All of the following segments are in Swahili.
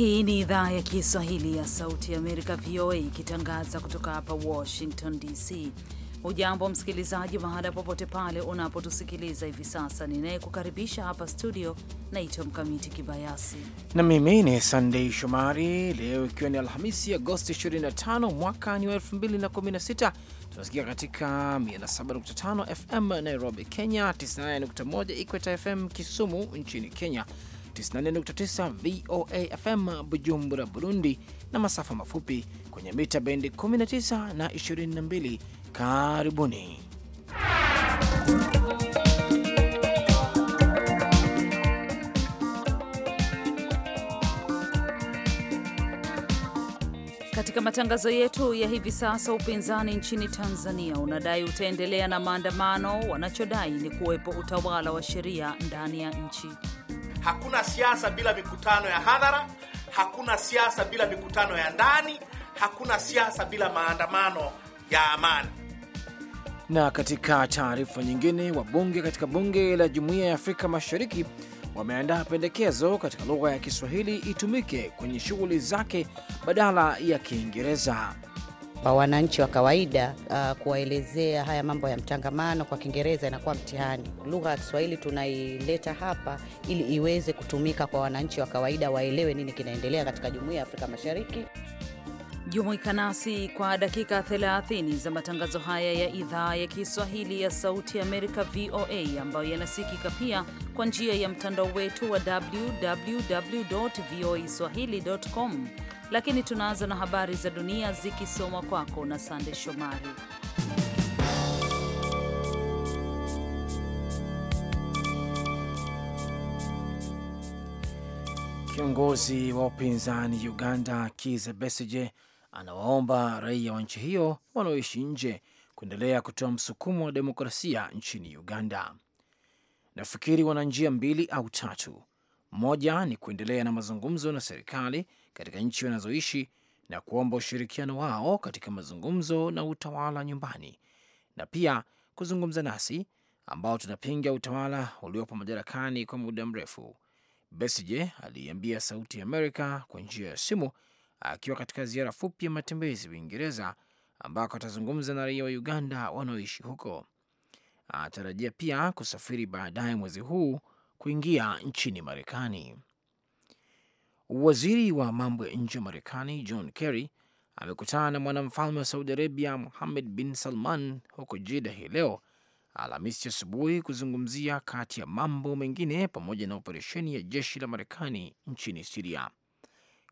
Hii ni idhaa ya Kiswahili ya Sauti ya Amerika, VOA, ikitangaza kutoka hapa Washington DC. ujambo msikilizaji, mahala popote pale unapotusikiliza hivi sasa. Ninayekukaribisha hapa studio naitwa Mkamiti Kibayasi na mimi ni Sandei Shomari. Leo ikiwa ni Alhamisi, Agosti 25 mwaka ni wa 2016, tunasikia katika 107.5 FM Nairobi, Kenya, 98.1 Ikweta FM Kisumu nchini Kenya, 94.9 VOA FM Bujumbura, Burundi, na masafa mafupi kwenye mita bendi 19 na 22. Karibuni katika matangazo yetu ya hivi sasa. Upinzani nchini Tanzania unadai utaendelea na maandamano, wanachodai ni kuwepo utawala wa sheria ndani ya nchi. Hakuna siasa bila mikutano ya hadhara, hakuna siasa bila mikutano ya ndani, hakuna siasa bila maandamano ya amani. Na katika taarifa nyingine, wabunge katika bunge la Jumuiya ya Afrika Mashariki wameandaa pendekezo katika lugha ya Kiswahili itumike kwenye shughuli zake badala ya Kiingereza kwa uh, wananchi wa kawaida uh, kuwaelezea haya mambo ya mtangamano kwa Kiingereza inakuwa mtihani. Lugha ya Kiswahili tunaileta hapa ili iweze kutumika kwa wananchi wa kawaida, waelewe nini kinaendelea katika jumuia ya Afrika Mashariki. Jumuika nasi kwa dakika 30 za matangazo haya ya idhaa ya Kiswahili ya Sauti Amerika, VOA, ambayo yanasikika pia kwa njia ya mtandao wetu wa www voa swahili.com lakini tunaanza na habari za dunia zikisomwa kwako na Sande Shomari. Kiongozi wa upinzani Uganda Kiza Besige anawaomba raia wa nchi hiyo wanaoishi nje kuendelea kutoa msukumo wa demokrasia nchini Uganda. Nafikiri wana njia mbili au tatu. Moja ni kuendelea na mazungumzo na serikali katika nchi wanazoishi na kuomba ushirikiano wao katika mazungumzo na utawala nyumbani, na pia kuzungumza nasi ambao tunapinga utawala uliopo madarakani kwa muda mrefu. Besije aliiambia Sauti ya Amerika kwa njia ya simu akiwa katika ziara fupi ya matembezi Uingereza, ambako atazungumza na raia wa Uganda wanaoishi huko. Anatarajia pia kusafiri baadaye mwezi huu kuingia nchini Marekani. Waziri wa mambo ya nje wa Marekani John Kerry amekutana na mwanamfalme wa Saudi Arabia Muhammad bin Salman huko Jida hii leo Alhamisi asubuhi kuzungumzia kati ya mambo mengine pamoja na operesheni ya jeshi la Marekani nchini Siria.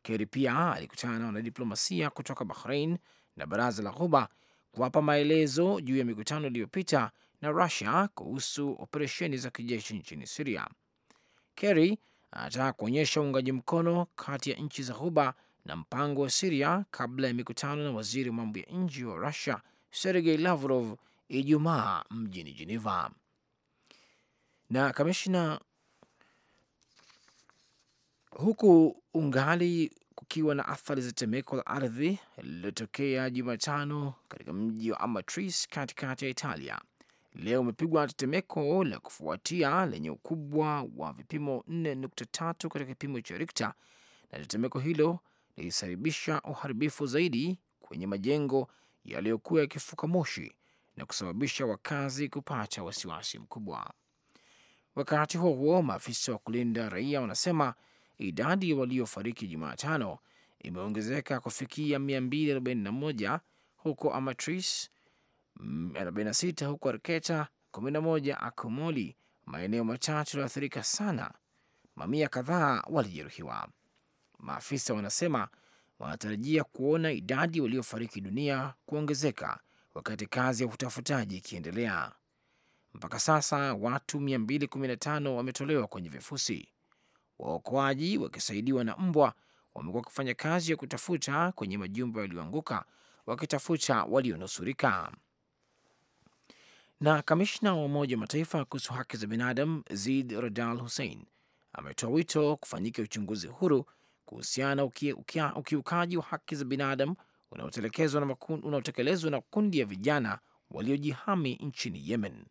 Kerry pia alikutana na wanadiplomasia kutoka Bahrain na baraza la Ghuba kuwapa maelezo juu ya mikutano iliyopita na Rusia kuhusu operesheni za kijeshi nchini Siria. Kerry anataka kuonyesha uungaji mkono kati ya nchi za Ghuba na mpango wa Siria kabla ya mikutano na waziri wa mambo ya nje wa Rusia Sergei Lavrov Ijumaa mjini Jeneva. Na kamishna huku ungali kukiwa na athari za tetemeko la ardhi lililotokea Jumatano katika mji wa Amatrice katikati ya Italia leo umepigwa tetemeko la kufuatia lenye ukubwa wa vipimo 4.3 katika kipimo cha Rikta, na tetemeko hilo lilisababisha uharibifu zaidi kwenye majengo yaliyokuwa yakifuka moshi na kusababisha wakazi kupata wasiwasi mkubwa. Wakati huo huo, maafisa wa kulinda raia wanasema idadi waliofariki Jumatano imeongezeka kufikia 241 huko Amatrice 46 huko Arketa, 11 Akumoli, maeneo machache yaliyoathirika sana. Mamia kadhaa walijeruhiwa. Maafisa wanasema wanatarajia kuona idadi waliofariki dunia kuongezeka wakati kazi ya utafutaji ikiendelea. Mpaka sasa watu 215 wametolewa kwenye vifusi. Waokoaji wakisaidiwa na mbwa wamekuwa wakifanya kazi ya kutafuta kwenye majumba yaliyoanguka wakitafuta walionusurika. Na kamishna wa Umoja wa Mataifa kuhusu haki za binadamu Zid Radal Hussein ametoa wito kufanyika uchunguzi huru kuhusiana na ukiukaji wa haki za binadamu unaotekelezwa na kundi ya vijana waliojihami nchini Yemen.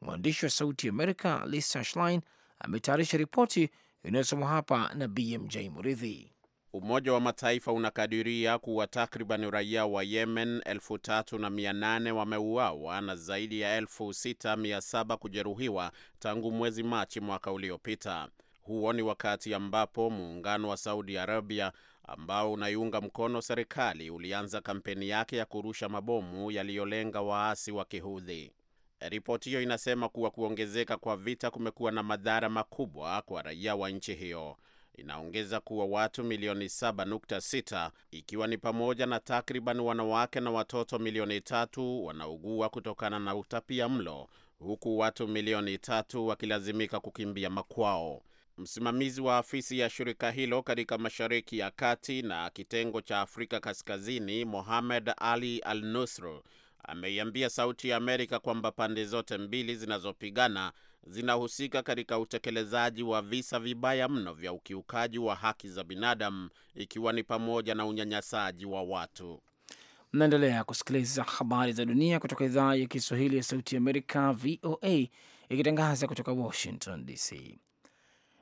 Mwandishi wa Sauti ya Amerika Lisa Schlein ametayarisha ripoti inayosomwa hapa na BMJ Muridhi. Umoja wa Mataifa unakadiria kuwa takriban raia wa Yemen 38 wameuawa na zaidi ya 67 kujeruhiwa tangu mwezi Machi mwaka uliopita. Huo ni wakati ambapo muungano wa Saudi Arabia ambao unaiunga mkono serikali ulianza kampeni yake ya kurusha mabomu yaliyolenga waasi wa Kihudhi. Ripoti hiyo inasema kuwa kuongezeka kwa vita kumekuwa na madhara makubwa kwa raia wa nchi hiyo inaongeza kuwa watu milioni 7.6 ikiwa ni pamoja na takriban wanawake na watoto milioni tatu wanaugua kutokana na utapia mlo huku watu milioni tatu wakilazimika kukimbia makwao. Msimamizi wa afisi ya shirika hilo katika Mashariki ya Kati na kitengo cha Afrika Kaskazini, Mohamed Ali Al Nusru ameiambia Sauti ya Amerika kwamba pande zote mbili zinazopigana zinahusika katika utekelezaji wa visa vibaya mno vya ukiukaji wa haki za binadamu ikiwa ni pamoja na unyanyasaji wa watu. Mnaendelea kusikiliza habari za dunia kutoka idhaa ya Kiswahili ya Sauti ya Amerika, VOA, ikitangaza kutoka Washington DC.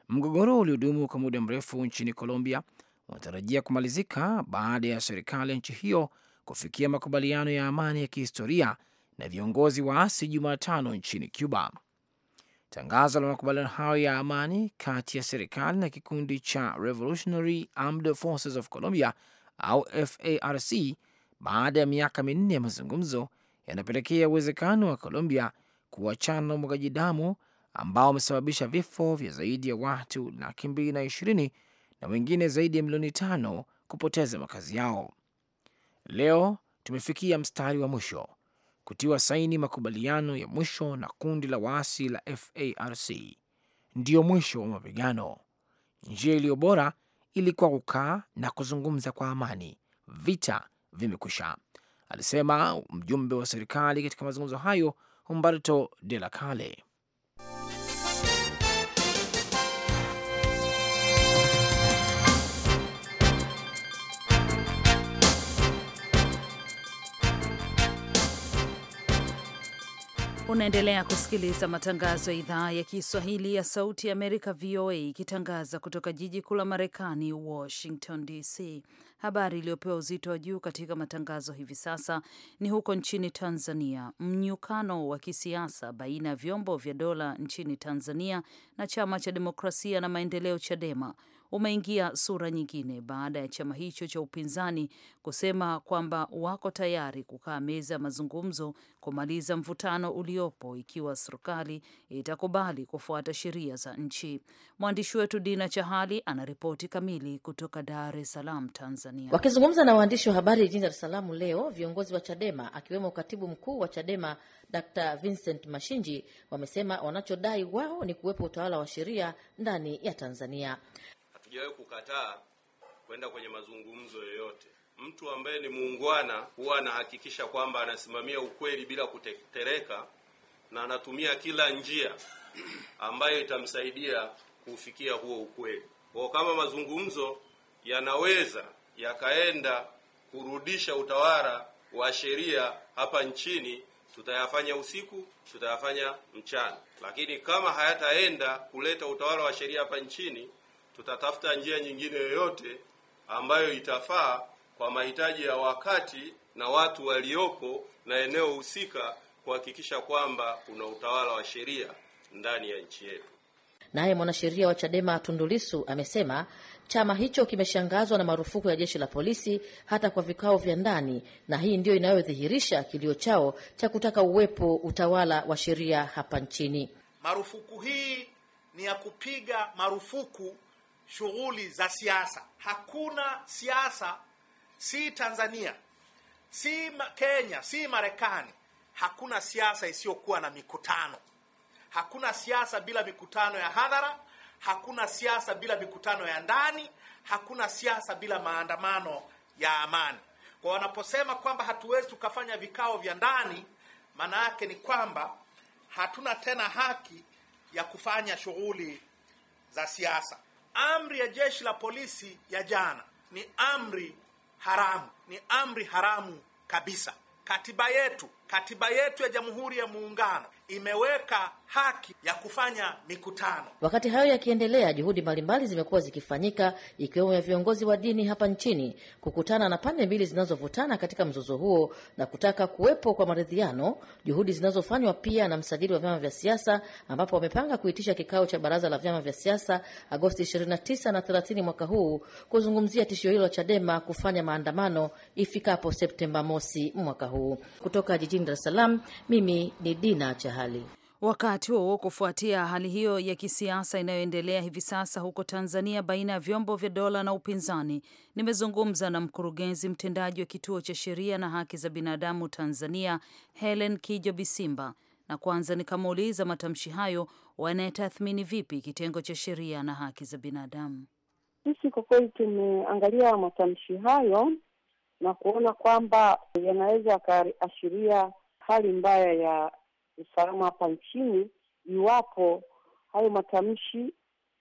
Mgogoro uliodumu kwa muda mrefu nchini Colombia unatarajia kumalizika baada ya serikali ya nchi hiyo kufikia makubaliano ya amani ya kihistoria na viongozi waasi Jumatano nchini Cuba. Tangazo la makubaliano hayo ya amani kati ya serikali na kikundi cha Revolutionary Armed Forces of Colombia au FARC baada ya miaka minne ya mazungumzo yanapelekea uwezekano wa Colombia kuachana na umwagaji damu ambao wamesababisha vifo vya zaidi ya watu laki mbili na ishirini na wengine zaidi ya milioni tano kupoteza makazi yao. Leo tumefikia mstari wa mwisho kutiwa saini makubaliano ya mwisho na kundi la waasi la FARC. Ndiyo mwisho wa mapigano. Njia iliyo bora ilikuwa kukaa na kuzungumza kwa amani. Vita vimekwisha, alisema mjumbe wa serikali katika mazungumzo hayo, Humberto de la Calle. Unaendelea kusikiliza matangazo ya idhaa ya Kiswahili ya Sauti ya Amerika, VOA, ikitangaza kutoka jiji kuu la Marekani, Washington DC. Habari iliyopewa uzito wa juu katika matangazo hivi sasa ni huko nchini Tanzania, mnyukano wa kisiasa baina ya vyombo vya dola nchini Tanzania na Chama cha Demokrasia na Maendeleo, CHADEMA, umeingia sura nyingine baada ya chama hicho cha upinzani kusema kwamba wako tayari kukaa meza ya mazungumzo kumaliza mvutano uliopo ikiwa serikali itakubali kufuata sheria za nchi. Mwandishi wetu Dina Chahali anaripoti kamili kutoka Dar es Salaam, Tanzania. Wakizungumza na waandishi wa habari jijini Dar es Salaam leo, viongozi wa CHADEMA akiwemo katibu mkuu wa CHADEMA Dr Vincent Mashinji wamesema wanachodai wao ni kuwepo utawala wa sheria ndani ya Tanzania sijawahi kukataa kwenda kwenye mazungumzo yoyote. Mtu ambaye ni muungwana huwa anahakikisha kwamba anasimamia ukweli bila kutetereka na anatumia kila njia ambayo itamsaidia kufikia huo ukweli. Kwa kama mazungumzo yanaweza yakaenda kurudisha utawala wa sheria hapa nchini, tutayafanya usiku, tutayafanya mchana, lakini kama hayataenda kuleta utawala wa sheria hapa nchini tutatafuta njia nyingine yoyote ambayo itafaa kwa mahitaji ya wakati na watu waliopo na eneo husika kuhakikisha kwamba kuna utawala wa sheria ndani ya nchi yetu. Naye mwanasheria wa Chadema tundulisu amesema chama hicho kimeshangazwa na marufuku ya jeshi la polisi hata kwa vikao vya ndani, na hii ndiyo inayodhihirisha kilio chao cha kutaka uwepo utawala wa sheria hapa nchini. Marufuku hii ni ya kupiga marufuku shughuli za siasa. Hakuna siasa, si Tanzania, si Kenya, si Marekani, hakuna siasa isiyokuwa na mikutano. Hakuna siasa bila mikutano ya hadhara, hakuna siasa bila mikutano ya ndani, hakuna siasa bila maandamano ya amani. Kwa wanaposema kwamba hatuwezi tukafanya vikao vya ndani, maana yake ni kwamba hatuna tena haki ya kufanya shughuli za siasa amri ya jeshi la polisi ya jana ni amri haramu, ni amri haramu kabisa. Katiba yetu, katiba yetu ya Jamhuri ya Muungano imeweka haki ya kufanya mikutano. Wakati hayo yakiendelea, juhudi mbalimbali zimekuwa zikifanyika ikiwemo ya viongozi wa dini hapa nchini kukutana na pande mbili zinazovutana katika mzozo huo na kutaka kuwepo kwa maridhiano, juhudi zinazofanywa pia na msajili wa vyama vya siasa, ambapo wamepanga kuitisha kikao cha baraza la vyama vya siasa Agosti 29 na 30 mwaka huu kuzungumzia tishio hilo la Chadema kufanya maandamano ifikapo Septemba mosi mwaka huu. Kutoka jijini Dar es Salaam, mimi ni Dina Chahali. Wakati huo kufuatia hali hiyo ya kisiasa inayoendelea hivi sasa huko Tanzania baina ya vyombo vya dola na upinzani, nimezungumza na mkurugenzi mtendaji wa kituo cha sheria na haki za binadamu Tanzania, Helen Kijo Bisimba, na kwanza nikamuuliza matamshi hayo wanayetathmini vipi kitengo cha sheria na haki za binadamu. Sisi kwa kweli tumeangalia matamshi hayo na kuona kwamba yanaweza akaashiria hali mbaya ya usalama hapa nchini, iwapo hayo matamshi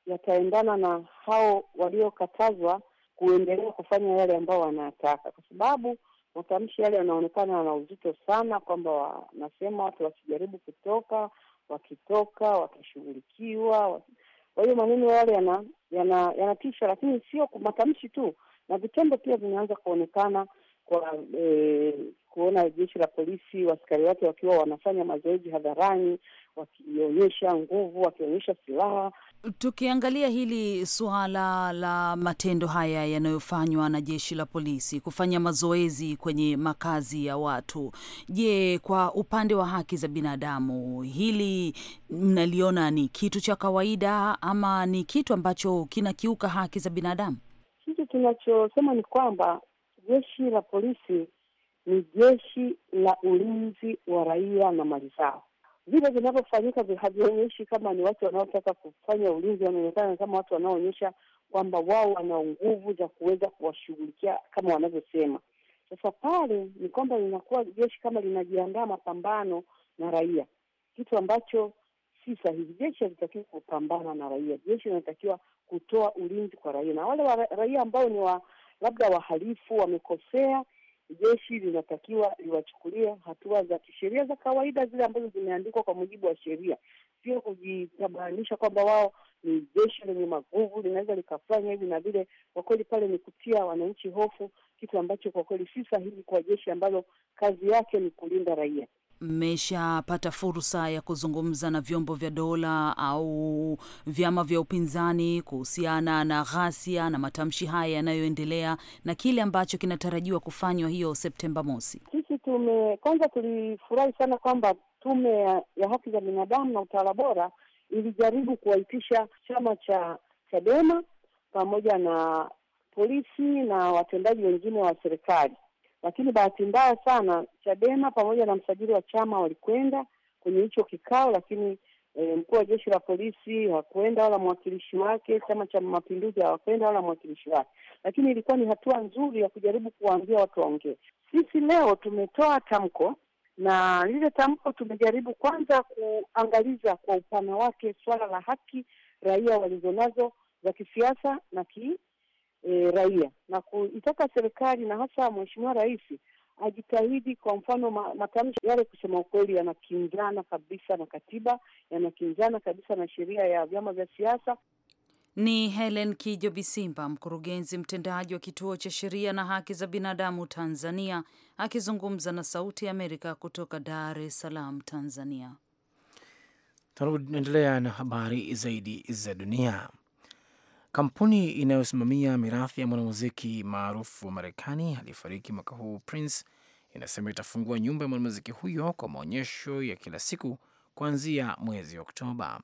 yataendana na hao waliokatazwa kuendelea kufanya yale ambao wanayataka, kwa sababu matamshi yale yanaonekana yana uzito sana, kwamba wanasema watu wasijaribu kutoka, wakitoka wakishughulikiwa. Kwa hiyo maneno yale yanatisha, yana, yana, lakini sio matamshi tu, na vitendo pia vinaanza kuonekana kwa e, kuona jeshi la polisi waskari wake wakiwa wanafanya mazoezi hadharani, wakionyesha nguvu, wakionyesha silaha. Tukiangalia hili suala la matendo haya yanayofanywa na jeshi la polisi kufanya mazoezi kwenye makazi ya watu, je, kwa upande wa haki za binadamu hili mnaliona ni kitu cha kawaida ama ni kitu ambacho kinakiuka haki za binadamu? Kitu kinachosema ni kwamba jeshi la polisi ni jeshi la ulinzi wa raia na mali zao. Vile vinavyofanyika havionyeshi kama ni watu wanaotaka kufanya ulinzi, wanaonekana kama watu wanaoonyesha kwamba wao wana nguvu za kuweza kuwashughulikia kama wanavyosema. Sasa pale ni kwamba linakuwa jeshi kama linajiandaa mapambano na raia, kitu ambacho si sahihi. Jeshi halitakiwa kupambana na raia, jeshi linatakiwa kutoa ulinzi kwa raia na wale wa raia ambao ni wa labda wahalifu wamekosea, jeshi linatakiwa liwachukulia hatua za kisheria za kawaida zile ambazo zimeandikwa kwa mujibu wa sheria, sio kujitabanisha kwamba wao ni jeshi lenye maguvu linaweza likafanya hivi na vile. Kwa kweli pale ni kutia wananchi hofu, kitu ambacho kwa kweli si sahihi kwa jeshi ambalo kazi yake ni kulinda raia mmeshapata fursa ya kuzungumza na vyombo vya dola au vyama vya upinzani kuhusiana na ghasia na matamshi haya yanayoendelea na kile ambacho kinatarajiwa kufanywa hiyo Septemba mosi? Sisi tume kwanza tulifurahi sana kwamba tume ya haki za binadamu na utawala bora ilijaribu kuwaitisha chama cha Chadema pamoja na polisi na watendaji wengine wa serikali lakini bahati mbaya sana Chadema pamoja na msajili wa chama walikwenda kwenye hicho kikao, lakini e, mkuu wa jeshi la polisi hakwenda wala mwakilishi wake, chama cha mapinduzi hawakwenda wala mwakilishi wake. Lakini ilikuwa ni hatua nzuri ya kujaribu kuwaambia watu waongee. Sisi leo tumetoa tamko na lile tamko tumejaribu kwanza kuangaliza kwa upana wake swala la haki raia walizonazo za kisiasa na ki e, raia na kuitaka serikali na hasa Mheshimiwa Rais ajitahidi. Kwa mfano, matamshi yale kusema ukweli yanakinzana kabisa na katiba, yanakinzana kabisa na sheria ya vyama vya siasa. Ni Helen Kijo Bisimba, mkurugenzi mtendaji wa kituo cha sheria na haki za binadamu Tanzania, akizungumza na Sauti ya Amerika kutoka Dar es Salaam, Tanzania. Tunaendelea na habari zaidi za dunia. Kampuni inayosimamia mirathi ya mwanamuziki maarufu wa Marekani aliyefariki mwaka huu Prince inasema itafungua nyumba ya mwanamuziki huyo kwa maonyesho ya kila siku kuanzia mwezi Oktoba.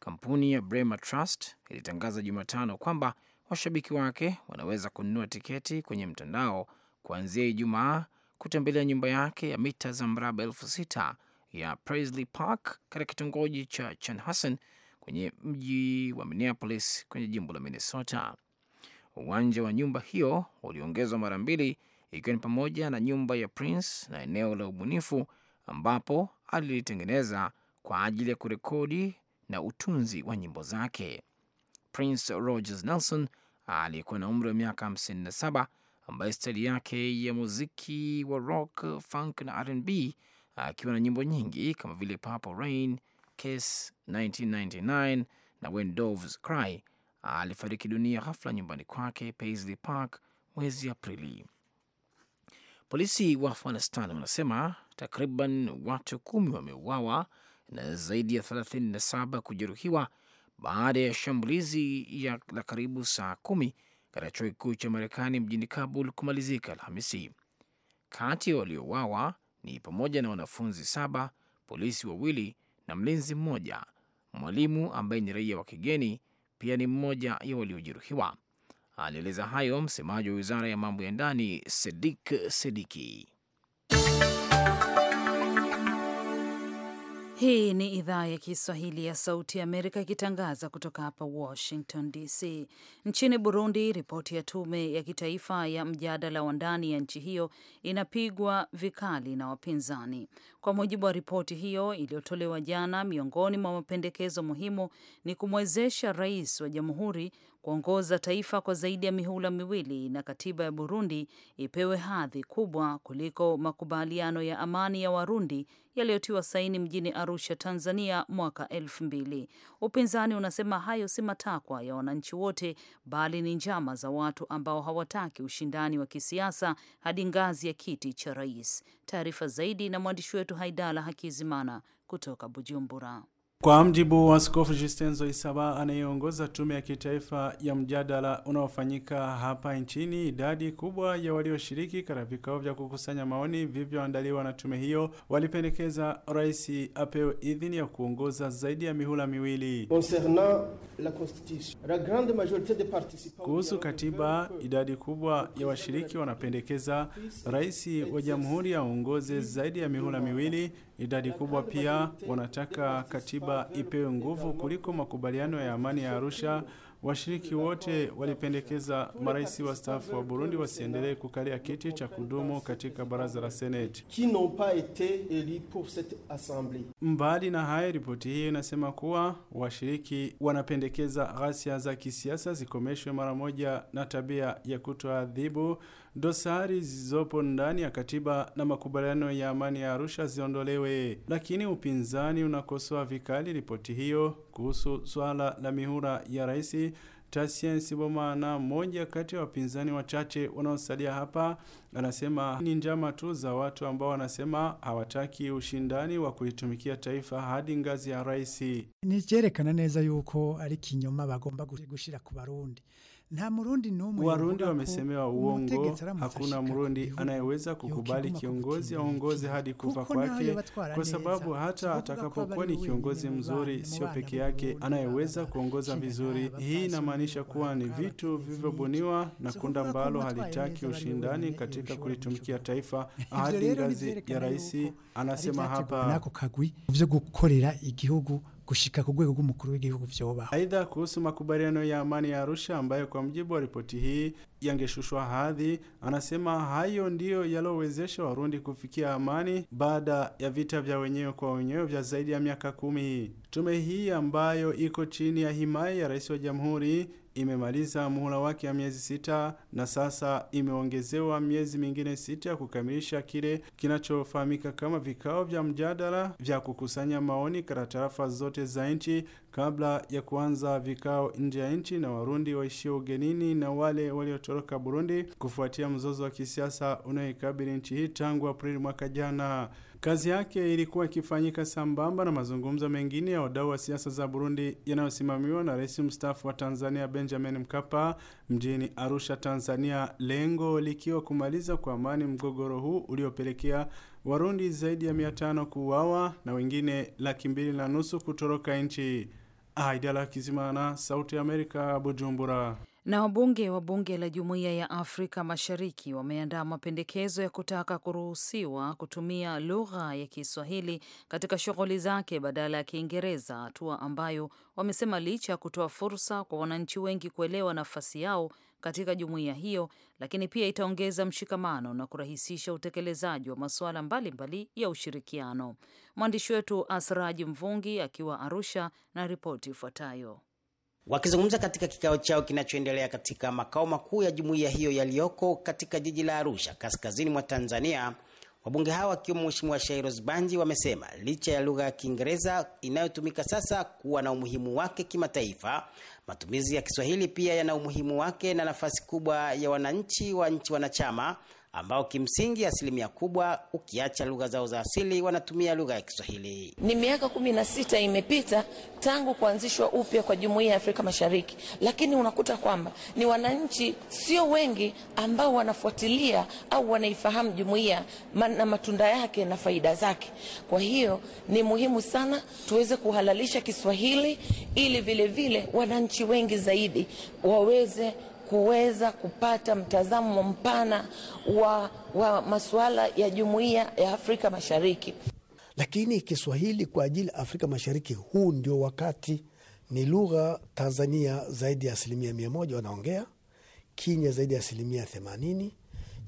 Kampuni ya Bremer Trust ilitangaza Jumatano kwamba washabiki wake wanaweza kununua tiketi kwenye mtandao kuanzia Ijumaa kutembelea nyumba yake ya mita za mraba elfu sita ya Paisley Park katika kitongoji cha Chanhassen kwenye mji wa Minneapolis kwenye jimbo la Minnesota. Uwanja wa nyumba hiyo uliongezwa mara mbili, ikiwa ni pamoja na nyumba ya Prince na eneo la ubunifu ambapo alilitengeneza kwa ajili ya kurekodi na utunzi wa nyimbo zake. Prince Rogers Nelson aliyekuwa na umri wa miaka 57, ambaye staili yake ya muziki wa rock, funk na R&B akiwa na nyimbo nyingi kama vile Purple Rain Kiss 1999 na When Doves Cry. Alifariki dunia ghafla nyumbani kwake Paisley Park mwezi Aprili. Polisi wa Afghanistan wanasema takriban watu kumi wameuawa na zaidi ya 37 kujeruhiwa baada ya shambulizi ya la karibu saa kumi katika chuo kikuu cha Marekani mjini Kabul kumalizika Alhamisi. Kati ya waliouawa ni pamoja na wanafunzi saba, polisi wawili na mlinzi mmoja. Mwalimu ambaye ni raia wa kigeni pia ni mmoja ya waliojeruhiwa. Alieleza hayo msemaji wa wizara ya mambo ya ndani Sedik Sediki. Hii ni idhaa ya Kiswahili ya Sauti ya Amerika ikitangaza kutoka hapa Washington DC. Nchini Burundi, ripoti ya tume ya kitaifa ya mjadala wa ndani ya nchi hiyo inapigwa vikali na wapinzani. Kwa mujibu wa ripoti hiyo iliyotolewa jana, miongoni mwa mapendekezo muhimu ni kumwezesha rais wa jamhuri kuongoza taifa kwa zaidi ya mihula miwili na katiba ya Burundi ipewe hadhi kubwa kuliko makubaliano ya amani ya Warundi yaliyotiwa saini mjini Arusha, Tanzania mwaka elfu mbili. Upinzani unasema hayo si matakwa ya wananchi wote, bali ni njama za watu ambao hawataki ushindani wa kisiasa hadi ngazi ya kiti cha rais. Taarifa zaidi na mwandishi wetu Haidala Hakizimana kutoka Bujumbura. Kwa mjibu wa Askofu Justin Zoisaba anayeongoza tume ya kitaifa ya mjadala unaofanyika hapa nchini, idadi kubwa ya walioshiriki katika vikao vya kukusanya maoni vilivyoandaliwa na tume hiyo walipendekeza rais apewe idhini ya kuongoza zaidi ya mihula miwili. Kuhusu katiba, idadi kubwa ya washiriki wanapendekeza rais wa jamhuri aongoze zaidi ya mihula miwili Idadi kubwa pia wanataka katiba ipewe nguvu kuliko makubaliano ya amani ya Arusha. Washiriki wote walipendekeza marais wastaafu wa Burundi wasiendelee kukalia kiti cha kudumu katika baraza la Seneti. Mbali na hayo ripoti hiyo inasema kuwa washiriki wanapendekeza ghasia za kisiasa zikomeshwe mara moja na tabia ya kutoadhibu dosari zilizopo ndani ya katiba na makubaliano ya amani ya Arusha ziondolewe, lakini upinzani unakosoa vikali ripoti hiyo kuhusu swala la mihula ya rais. Tasien Sibomana, mmoja kati ya wapinzani wachache wanaosalia hapa, anasema ni njama tu za watu ambao wanasema hawataki ushindani wa kuitumikia taifa hadi ngazi ya rais. Ni neza yuko ari kinyoma bagomba gushira ku Barundi na murundi n'umwe. Warundi wamesemewa uongo. Hakuna murundi anayeweza kukubali kiongozi aongoze hadi kufa kwake, kwa sababu hata atakapokuwa ni kiongozi mzuri, sio peke yake anayeweza kuongoza vizuri. Hii inamaanisha kuwa ni vitu vivyobuniwa na kunda ambalo halitaki ushindani katika kulitumikia taifa hadi ngazi ya rais. Anasema hapa vyo gukorera igihugu kushika ku rwego rw'umukuru w'igihugu vyoba. Aidha, kuhusu makubaliano ya amani ya Arusha ambayo kwa mjibu wa ripoti hii yangeshushwa hadhi, anasema hayo ndiyo yalowezesha Warundi kufikia amani baada ya vita vya wenyewe kwa wenyewe vya zaidi ya miaka kumi. Tume hii ambayo iko chini ya himaya ya Rais wa Jamhuri imemaliza muhula wake wa miezi sita na sasa imeongezewa miezi mingine sita kukamilisha kile kinachofahamika kama vikao vya mjadala vya kukusanya maoni katika tarafa zote za nchi kabla ya kuanza vikao nje ya nchi na Warundi waishio ugenini na wale waliotoroka Burundi kufuatia mzozo wa kisiasa unaoikabili nchi hii tangu Aprili mwaka jana. Kazi yake ilikuwa ikifanyika sambamba na mazungumzo mengine ya wadau wa siasa za Burundi yanayosimamiwa na rais mstaafu wa Tanzania Benjamin Mkapa mjini Arusha, Tanzania, lengo likiwa kumaliza kwa amani mgogoro huu uliopelekea Warundi zaidi ya mia tano kuuawa na wengine laki mbili na nusu kutoroka nchi. Aidala Kizimana, Sauti ya Amerika, Bujumbura. Na wabunge wa bunge la Jumuiya ya Afrika Mashariki wameandaa mapendekezo ya kutaka kuruhusiwa kutumia lugha ya Kiswahili katika shughuli zake badala ya Kiingereza, hatua ambayo wamesema licha ya kutoa fursa kwa wananchi wengi kuelewa nafasi yao katika jumuiya hiyo, lakini pia itaongeza mshikamano na kurahisisha utekelezaji wa masuala mbalimbali ya ushirikiano. Mwandishi wetu Asraji Mvungi akiwa Arusha na ripoti ifuatayo. Wakizungumza katika kikao chao kinachoendelea katika makao makuu ya jumuiya hiyo yaliyoko katika jiji la Arusha, kaskazini mwa Tanzania, wabunge hao wakiwemo Mheshimiwa Shairos Banji wamesema licha ya lugha ya Kiingereza inayotumika sasa kuwa na umuhimu wake kimataifa, matumizi ya Kiswahili pia yana umuhimu wake na nafasi kubwa ya wananchi wa nchi wanachama ambao kimsingi asilimia kubwa ukiacha lugha zao za asili wanatumia lugha ya Kiswahili. Ni miaka kumi na sita imepita tangu kuanzishwa upya kwa Jumuiya ya Afrika Mashariki, lakini unakuta kwamba ni wananchi sio wengi ambao wanafuatilia au wanaifahamu jumuiya na matunda yake na faida zake. Kwa hiyo ni muhimu sana tuweze kuhalalisha Kiswahili ili vilevile vile wananchi wengi zaidi waweze kuweza kupata mtazamo mpana wa, wa masuala ya jumuiya ya Afrika Mashariki. Lakini Kiswahili kwa ajili ya Afrika Mashariki, huu ndio wakati. Ni lugha Tanzania zaidi ya asilimia mia moja wanaongea, Kenya zaidi ya asilimia themanini,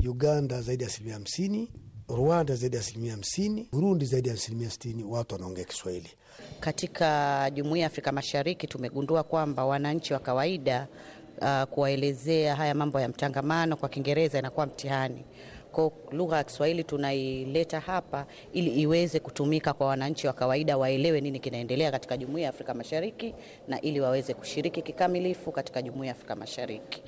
Uganda zaidi ya asilimia hamsini, Rwanda zaidi ya asilimia hamsini, Burundi zaidi ya asilimia sitini watu wanaongea Kiswahili. Katika jumuiya ya Afrika Mashariki tumegundua kwamba wananchi wa kawaida uh, kuwaelezea haya mambo ya mtangamano kwa Kiingereza inakuwa mtihani kwa lugha ya Kiswahili tunaileta hapa ili iweze kutumika kwa wananchi wa kawaida waelewe nini kinaendelea katika Jumuiya ya Afrika Mashariki na ili waweze kushiriki kikamilifu katika Jumuiya ya Afrika Mashariki.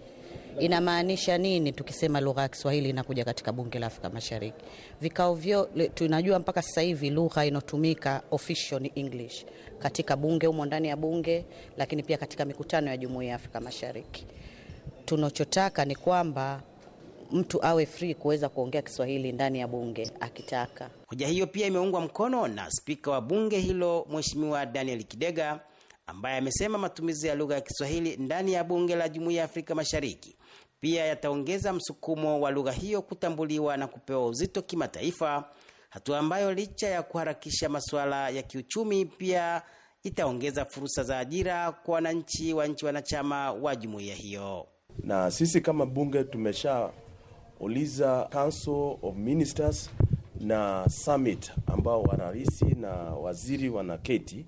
Inamaanisha nini tukisema lugha ya Kiswahili inakuja katika bunge la Afrika Mashariki? Vikao vyo tunajua mpaka sasa hivi lugha inotumika official ni English katika bunge, humo ndani ya bunge, lakini pia katika mikutano ya Jumuiya ya Afrika Mashariki. Tunachotaka ni kwamba mtu awe free kuweza kuongea Kiswahili ndani ya bunge akitaka. Hoja hiyo pia imeungwa mkono na spika wa bunge hilo Mheshimiwa Daniel Kidega ambaye amesema matumizi ya lugha ya Kiswahili ndani ya bunge la Jumuiya ya Afrika Mashariki pia yataongeza msukumo wa lugha hiyo kutambuliwa na kupewa uzito kimataifa, hatua ambayo licha ya kuharakisha masuala ya kiuchumi, pia itaongeza fursa za ajira kwa wananchi wa nchi wanachama wa jumuiya hiyo. Na sisi kama bunge tumeshauliza Council of Ministers na summit ambao wanarisi na waziri wanaketi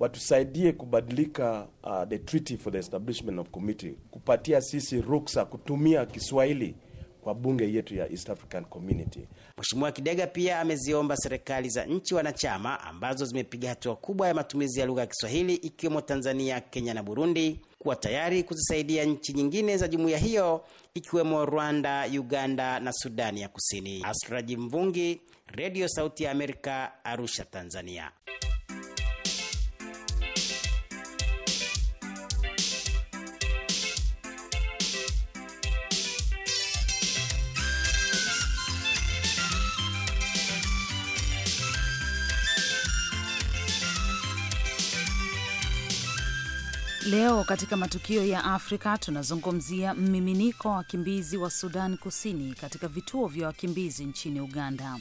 watusaidie kubadilika uh, the treaty for the establishment of committee, kupatia sisi ruksa kutumia Kiswahili kwa bunge yetu ya East African Community. mweshimuwa Kidega pia ameziomba serikali za nchi wanachama ambazo zimepiga hatua kubwa ya matumizi ya lugha ya Kiswahili ikiwemo Tanzania, Kenya na Burundi kuwa tayari kuzisaidia nchi nyingine za jumuiya hiyo ikiwemo Rwanda, Uganda na Sudani ya Kusini. Asraji Mvungi, Radio Sauti ya Amerika, Arusha, Tanzania. Leo katika matukio ya Afrika tunazungumzia mmiminiko wa wakimbizi wa Sudan Kusini katika vituo vya wakimbizi nchini Uganda.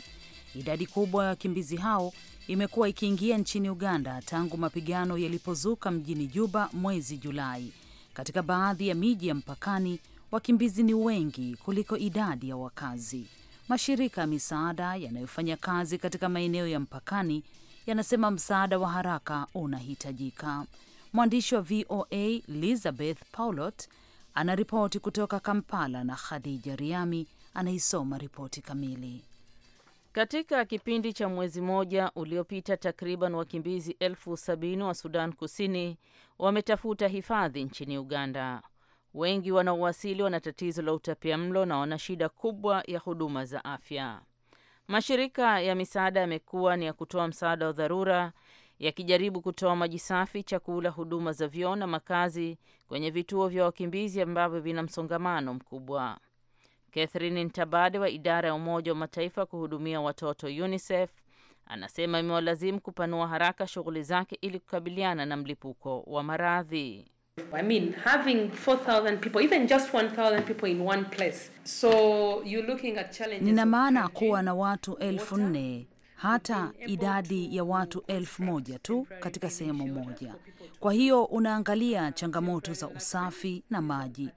Idadi kubwa ya wakimbizi hao imekuwa ikiingia nchini Uganda tangu mapigano yalipozuka mjini Juba mwezi Julai. Katika baadhi ya miji ya mpakani, wakimbizi ni wengi kuliko idadi ya wakazi. Mashirika ya misaada yanayofanya kazi katika maeneo ya mpakani yanasema msaada wa haraka unahitajika. Mwandishi wa VOA Elizabeth Paulot anaripoti kutoka Kampala na Khadija Riami anaisoma ripoti kamili. Katika kipindi cha mwezi mmoja uliopita, takriban wakimbizi elfu sabini wa Sudan Kusini wametafuta hifadhi nchini Uganda. Wengi wanaowasili wana tatizo la utapia mlo na wana shida kubwa ya huduma za afya. Mashirika ya misaada yamekuwa ni ya kutoa msaada wa dharura yakijaribu kutoa maji safi, chakula, huduma za vyoo na makazi kwenye vituo vya wakimbizi ambavyo vina msongamano mkubwa. Catherine Ntabade wa idara ya Umoja wa Mataifa kuhudumia watoto UNICEF anasema imewalazimu kupanua haraka shughuli zake ili kukabiliana na mlipuko wa maradhi. I mean, having 4,000 people, even just 1,000 people in one place. So you're looking at challenges. Nina maana kuwa na watu elfu nne hata idadi ya watu elfu moja tu katika sehemu moja. Kwa hiyo unaangalia changamoto za usafi na maji.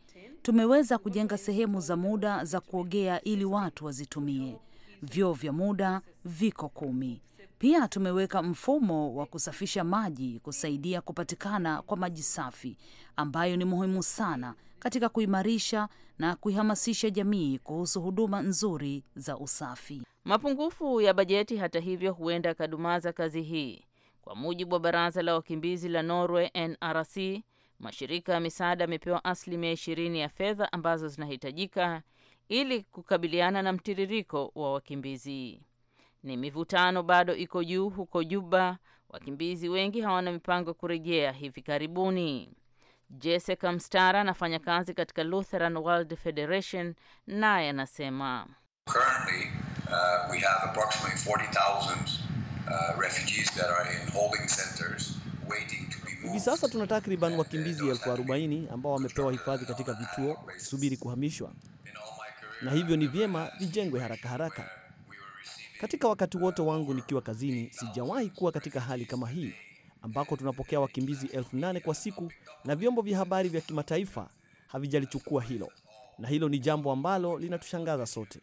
Tumeweza kujenga sehemu za muda za kuogea ili watu wazitumie. Vyoo vya muda viko kumi. Pia tumeweka mfumo wa kusafisha maji kusaidia kupatikana kwa maji safi ambayo ni muhimu sana katika kuimarisha na kuihamasisha jamii kuhusu huduma nzuri za usafi. Mapungufu ya bajeti, hata hivyo, huenda yakadumaza kazi hii. Kwa mujibu wa baraza la wakimbizi la Norway, NRC, mashirika ya misaada yamepewa asilimia ishirini ya fedha ambazo zinahitajika ili kukabiliana na mtiririko wa wakimbizi. Ni mivutano bado iko juu huko Juba. Wakimbizi wengi hawana mipango ya kurejea hivi karibuni. Jessica Mstara anafanya kazi katika Lutheran World Federation, naye anasema hivi sasa tuna takriban wakimbizi elfu arobaini ambao wamepewa hifadhi katika vituo kusubiri kuhamishwa, na hivyo ni vyema uh, vijengwe haraka haraka. Katika wakati wote wangu nikiwa kazini, sijawahi kuwa katika hali kama hii ambako tunapokea wakimbizi elfu nane kwa siku na vyombo vya habari vya kimataifa havijalichukua hilo, na hilo ni jambo ambalo linatushangaza sote.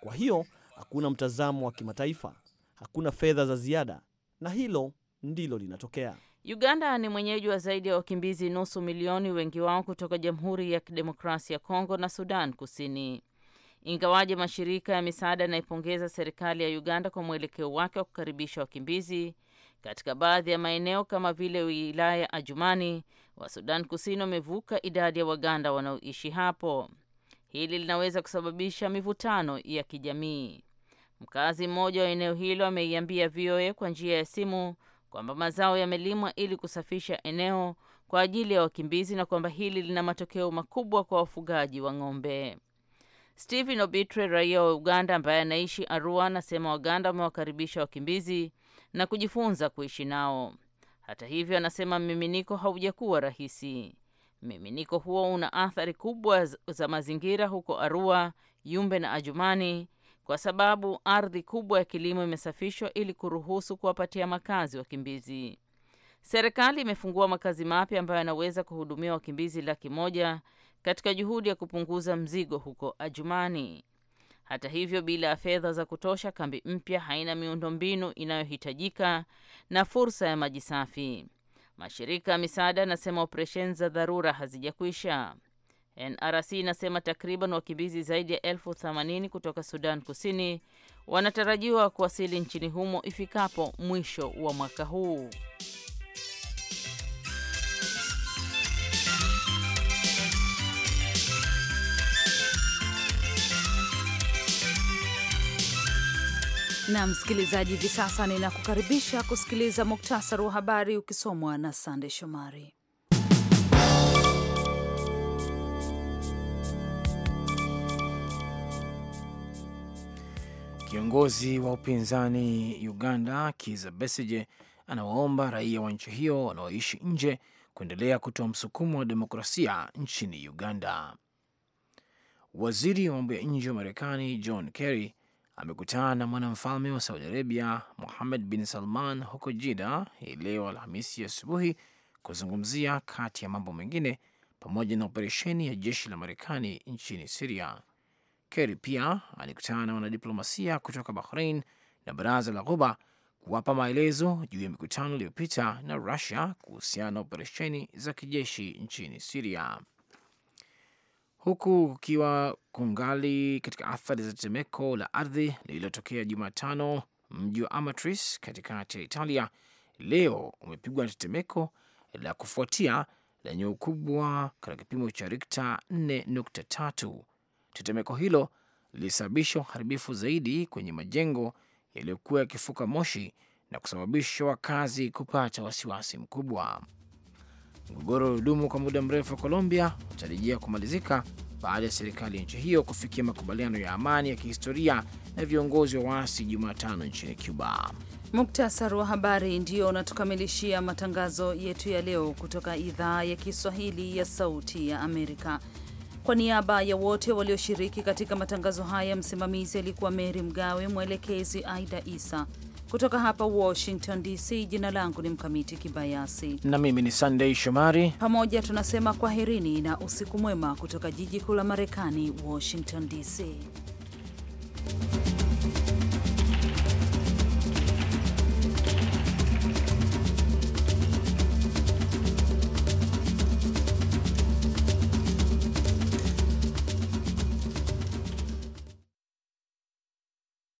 Kwa hiyo hakuna mtazamo wa kimataifa, hakuna fedha za ziada, na hilo ndilo linatokea. Uganda ni mwenyeji wa zaidi ya wakimbizi nusu milioni, wengi wao kutoka Jamhuri ya Kidemokrasia ya Kongo na Sudan Kusini. Ingawaje mashirika ya misaada yanaipongeza serikali ya Uganda kwa mwelekeo wake wa kukaribisha wakimbizi, katika baadhi ya maeneo kama vile wilaya Ajumani wa Sudan Kusini wamevuka idadi ya Waganda wanaoishi hapo. Hili linaweza kusababisha mivutano ya kijamii. Mkazi mmoja wa eneo hilo ameiambia VOA kwa njia ya simu kwamba mazao yamelimwa ili kusafisha eneo kwa ajili ya wakimbizi na kwamba hili lina matokeo makubwa kwa wafugaji wa ng'ombe. Stephen Obitre, raia wa Uganda ambaye anaishi Arua, anasema Waganda wamewakaribisha wakimbizi na kujifunza kuishi nao. Hata hivyo, anasema mmiminiko haujakuwa rahisi. Mmiminiko huo una athari kubwa za mazingira huko Arua, Yumbe na Ajumani kwa sababu ardhi kubwa ya kilimo imesafishwa ili kuruhusu kuwapatia makazi wakimbizi. Serikali imefungua makazi mapya ambayo yanaweza kuhudumia wakimbizi laki moja katika juhudi ya kupunguza mzigo huko Ajumani. Hata hivyo, bila ya fedha za kutosha, kambi mpya haina miundombinu inayohitajika na fursa ya maji safi. Mashirika ya misaada yanasema operesheni za dharura hazijakwisha. NRC inasema takriban wakimbizi zaidi ya elfu themanini kutoka Sudan Kusini wanatarajiwa kuwasili nchini humo ifikapo mwisho wa mwaka huu. na msikilizaji, hivi sasa ninakukaribisha kusikiliza muktasari wa habari ukisomwa na Sande Shomari. Kiongozi wa upinzani Uganda Kiza Besige anawaomba raia wa nchi hiyo wanaoishi nje kuendelea kutoa msukumo wa demokrasia nchini Uganda. Waziri wa mambo ya nje wa Marekani John Kerry amekutana na mwanamfalme wa Saudi Arabia Muhammad bin Salman huko Jida hii leo Alhamisi asubuhi kuzungumzia kati ya mambo mengine pamoja na operesheni ya jeshi la Marekani nchini Siria. Kerry pia alikutana na wanadiplomasia kutoka Bahrain na baraza la Ghuba kuwapa maelezo juu ya mikutano iliyopita na Rusia kuhusiana na operesheni za kijeshi nchini Siria huku kukiwa kungali katika athari za tetemeko la ardhi lililotokea Jumatano. Mji wa Amatris katikati ya Italia leo umepigwa na tetemeko la kufuatia lenye ukubwa katika kipimo cha Rikta 4.3. Tetemeko hilo lilisababisha uharibifu zaidi kwenye majengo yaliyokuwa yakifuka moshi na kusababisha wakazi kupata wasiwasi mkubwa. Mgogoro uliodumu kwa muda mrefu wa Colombia utarejea kumalizika baada ya serikali ya nchi hiyo kufikia makubaliano ya amani ya kihistoria na viongozi wa waasi Jumatano nchini Cuba. Muktasar wa habari ndio unatukamilishia matangazo yetu ya leo kutoka idhaa ya Kiswahili ya Sauti ya Amerika. Kwa niaba ya wote walioshiriki katika matangazo haya, msimamizi alikuwa Meri Mgawe, mwelekezi Aida Isa. Kutoka hapa Washington DC, jina langu ni Mkamiti Kibayasi na mimi ni Sandei Shomari. Pamoja tunasema kwaherini na usiku mwema kutoka jiji kuu la Marekani, Washington DC.